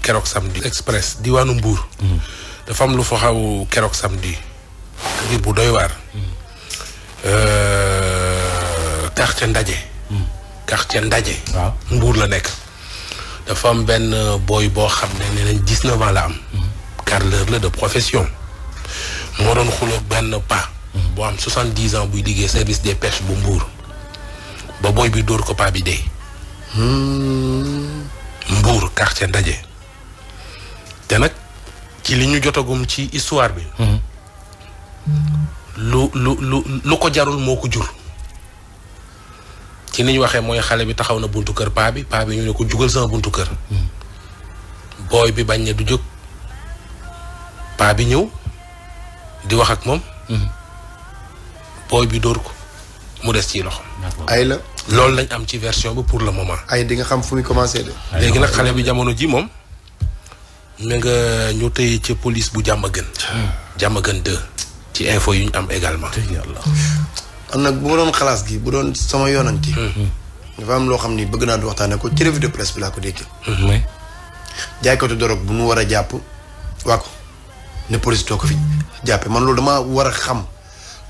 kérok samedi express diwaanu Mbour da fam lu fa xaw keroog samedi ki bu doy euh quartier ndaje quartier ndaje Mbour la nek da fam ben boy bo xam ne 19 ans la am carreleur la de profession mo doon xuloog pas pa boo am 70 ans buy liggéey service des pêches bu Mbour ba boy bi dóor ko pa bi hmm. Mbour quartier ndaje ci li ñu jotagum ci histoire bi. Mhm. lu lu lu lu ko jarul moo ko jur. ci ni ñu waxee mooy xale bi taxaw na buntu kër paa bi paa bi ñu ne ko jugal sama buntu kër. Mhm. booy bi bañ ne du jóg paa bi ñëw di wax ak moom. Mhm. booy bi dóor ko mu des ci loxo. ay la loolu lañ am ci version bi pour le moment. ay di nga xam fu muy commencé de. léegi nag xale bi jamono ji moom. mi nga ñu tey ci police bu jàmm gën. jàmm gën deux ci info yu ñu am également. am nag bu ma doon xalaas gi bu doon sama yoonanti. Mhm. dafa am loo xam ni bëgg naa di waxtaanee ko ci revue de presse bi laa ko déggee. mooy. Mhm. jaaykatu dorog bu nu war a jàpp waa ko ne police doo ko fi jàppe man loolu dama war a xam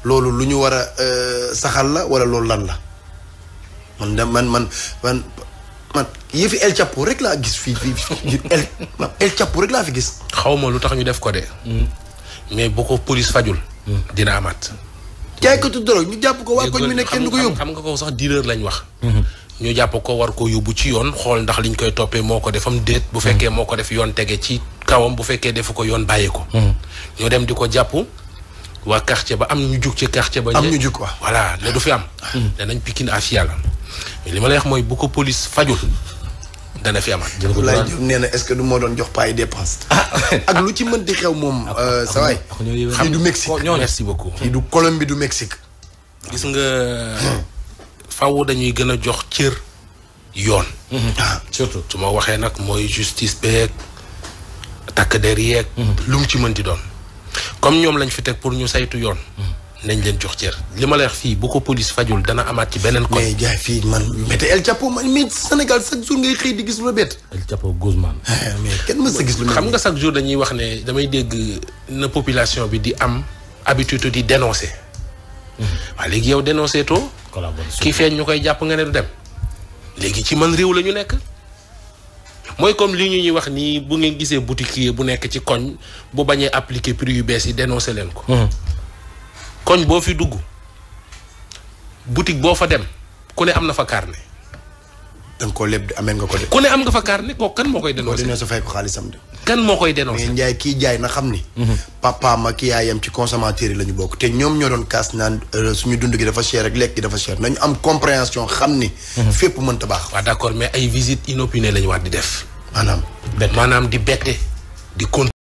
loolu lu ñu war a euh, saxal la wala loolu lan la man man man man yëfi El Chapo rek laa gis fii fii El El Chapo rek laa fi gis. xaw ma lu tax ñu def ko de. Hmm. mais bu ko police fajul. Hmm. dina amaat. jaaykatu drogue ñu jàpp ko waa ko mi nekk kenn du ko yóbbu. xam nga ko sax dealer lañ wax. Hmm. ñu jàpp ko war ko yóbbu ci yoon xool ndax liñ koy toppee moo ko defam déet. bu fekkee moo ko def yoon tege ci kawam bu fekkee defu ko yoon bàyyi ko. ñu dem di ko jàpp. waa quartier ba am ñu jug ci quartier ba. am ñu jug quoi voilà ne du fi am. danañ hmm. Pikine à Fiala mais li ma lay wax mooy bu ko police fajul dana fi amaat. jërëjëf Abdoulaye nee na est-ce que du doon jox paay dépense. Ah. ak lu ci mën di xew moom. sa ah, euh, ah, waay fii du Mexique merci beaucoup. fii du Colombie du Mexique. gis nga fawu dañuy gën a jox cër yoon. Hmm. surtout su ma waxee nag mooy justice beeg takk der yeeg. Hmm. lu mu ci mënti doon. comme ñoom lañ fi teg pour ñu saytu yoon. nañ leen jox cër li ma la wax fii bu ko police fajul dana amaat ci beneen. ko mais jaay fii man mais te El Chapo ngay xëy di gis lu la bett. El Chapo Guzman. Ah, mais kenn mës a gis lu xam nga chaque jour dañuy wax ne damay dégg na population bi di am habitude di dénoncer. Hmm. waaw léegi yow dénoncé too. ki feeñ ñu koy jàpp nga ne du dem. léegi ci man réew la ñu nekk. mooy comme li ñu ñuy wax nii bu ngeen gisee boutiquier bu nekk ci koñ bu bañee appliquer prix yu bees yi dénoncé leen ko. Hmm. koñ boo fi dugg boutique boo fa dem ku ne am na fa carnet. da nga leb de amee nga ko de. ku ne am nga fa carnet kooku kan moo koy dénoncé. moo koy dénoncé mais Ndiaye kii jaay na xam ni. Hmm. papaam ak yaayam ci consommateur yi la ñu bokk te ñoom ñoo doon kaas naan euh, suñu dund gi dafa cher ak lekk gi dafa cher nañu am compréhension xam ni. Hmm. fépp mënta baax. waaw d'accord mais ay visites inopinées la ñu war di def. maanaam. bette maanaam di bette di